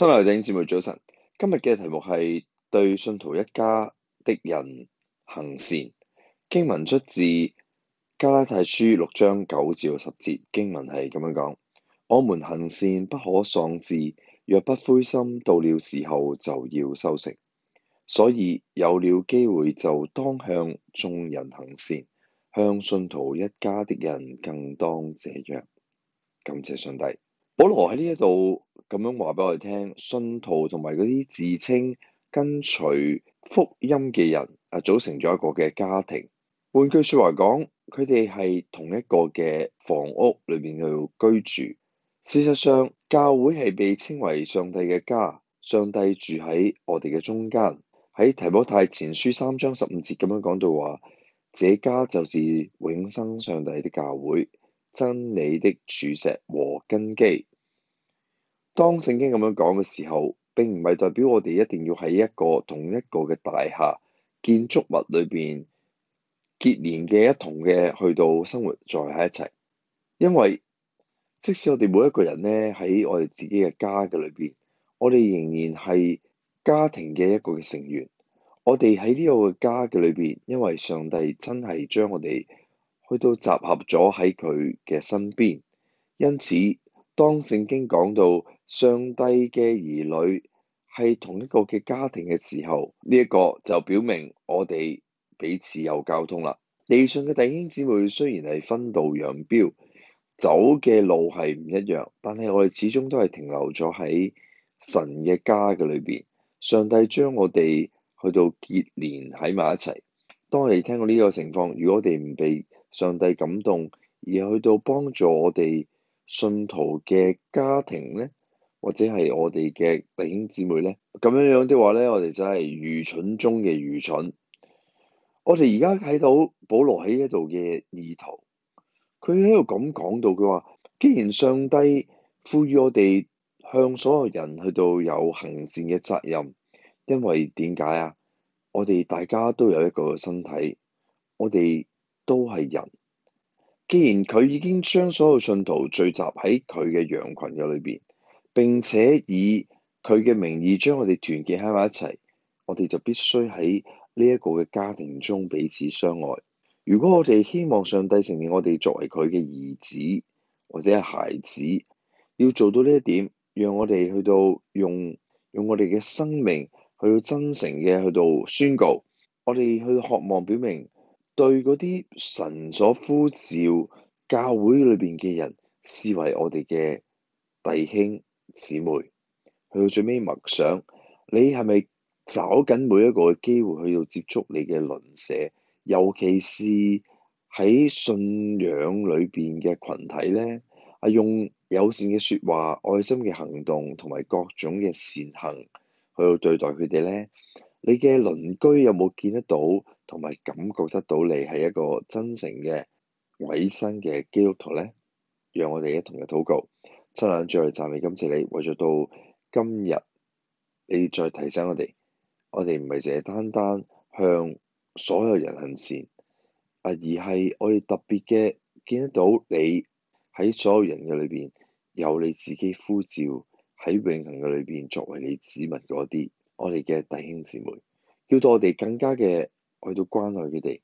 新來頂姊妹早晨，今日嘅題目係對信徒一家的人行善。經文出自加拉太書六章九至十節，經文係咁樣講：我們行善不可喪志，若不灰心，到了時候就要收成。所以有了機會就當向眾人行善，向信徒一家的人更當這樣。感謝上帝，保羅喺呢一度。咁樣話俾我哋聽，信徒同埋嗰啲自稱跟隨福音嘅人啊，組成咗一個嘅家庭。換句説話講，佢哋係同一個嘅房屋裏面去居住。事實上，教會係被稱為上帝嘅家，上帝住喺我哋嘅中間。喺提摩太前書三章十五節咁樣講到話，這家就是永生上帝的教會，真理的柱石和根基。當聖經咁樣講嘅時候，並唔係代表我哋一定要喺一個同一個嘅大廈建築物裏邊結連嘅一同嘅去到生活在喺一齊，因為即使我哋每一個人咧喺我哋自己嘅家嘅裏邊，我哋仍然係家庭嘅一個嘅成員，我哋喺呢個嘅家嘅裏邊，因為上帝真係將我哋去到集合咗喺佢嘅身邊，因此當聖經講到，上帝嘅兒女係同一個嘅家庭嘅時候，呢一個就表明我哋彼此有交通啦。地上嘅弟兄姊妹雖然係分道揚鑣，走嘅路係唔一樣，但係我哋始終都係停留咗喺神嘅家嘅裏邊。上帝將我哋去到結連喺埋一齊。當我哋聽到呢個情況，如果我哋唔被上帝感動，而去到幫助我哋信徒嘅家庭咧？或者係我哋嘅弟兄姊妹咧，咁樣樣的話咧，我哋就係愚蠢中嘅愚蠢。我哋而家睇到保羅喺呢度嘅意圖，佢喺度咁講到，佢話既然上帝賦予我哋向所有人去到有行善嘅責任，因為點解啊？我哋大家都有一個身體，我哋都係人。既然佢已經將所有信徒聚集喺佢嘅羊群嘅裏邊。並且以佢嘅名義將我哋團結喺埋一齊，我哋就必須喺呢一個嘅家庭中彼此相愛。如果我哋希望上帝承認我哋作為佢嘅兒子或者係孩子，要做到呢一點，讓我哋去到用用我哋嘅生命去到真誠嘅去到宣告，我哋去到渴望表明對嗰啲神所呼召教會裏邊嘅人視為我哋嘅弟兄。姊妹，去到最尾默想，你係咪找緊每一個機會去到接觸你嘅鄰舍，尤其是喺信仰裏邊嘅群體咧，啊用友善嘅說話、愛心嘅行動同埋各種嘅善行去到對待佢哋咧？你嘅鄰居有冇見得到同埋感覺得到你係一個真誠嘅委身嘅基督徒咧？讓我哋一同嘅禱告。真係兩句，讚美感謝你，為咗到今日，你再提醒我哋，我哋唔係淨係單單向所有人行善啊，而係我哋特別嘅見得到你喺所有人嘅裏邊有你自己呼召喺永恆嘅裏邊作為你子民嗰啲我哋嘅弟兄姊妹，叫到我哋更加嘅去到關愛佢哋，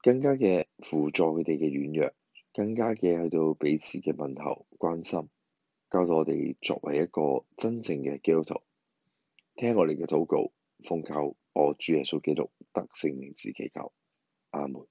更加嘅輔助佢哋嘅軟弱，更加嘅去到彼此嘅問候關心。教咗我哋作為一個真正嘅基督徒，聽我哋嘅禱告，奉教我主耶穌基督得勝名字祈求。阿門。